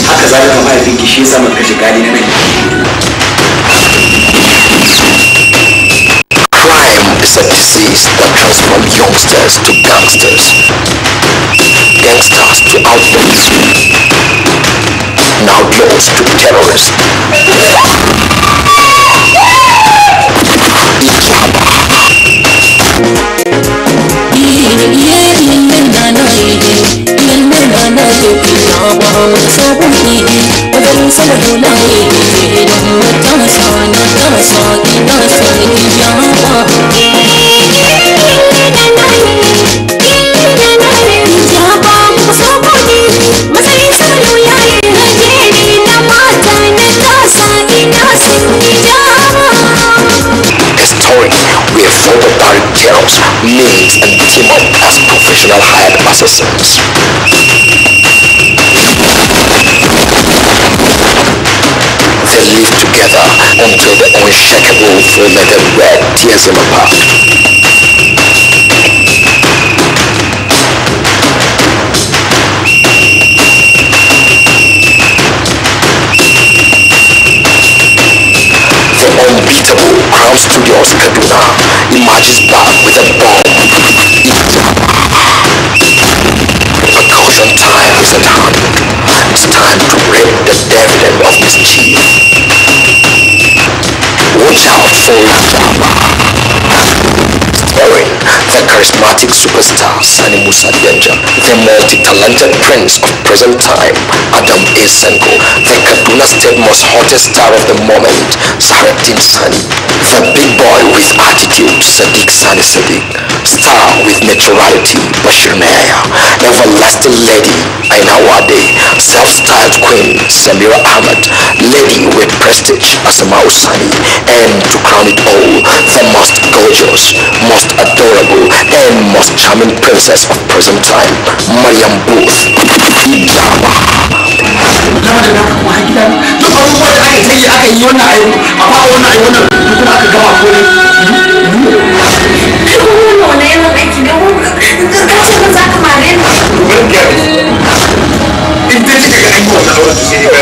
haka za ka mahaifin ki shi yasa mun kashe gali na nan Crime is a disease that transforms youngsters to gangsters, gangsters to outlaws, now outlaws to terrorists. points where third-party channels, means, and team up as professional hired assassins. They live together until the unshakable of the red tears them apart. punches back with a bomb. Because time is at hand. It's time to reap the dividend of this cheat. Watch out for Java. Very the charismatic superstar Sani Musa Denja, the multi-talented prince of present time, Adam A. Senko, the Kaduna State most hottest star of the moment, Sahareddin Sani, the big boy with attitude, Sadiq Sani Sadiq, star with naturality, Bashir Naya, everlasting lady, Aina Wade, self-styled queen, Samira Ahmed, lady with prestige, Asama Usani, and to crown it all, the most most adorable, and most charming princess of present time, Mariam Booth. Ijaba.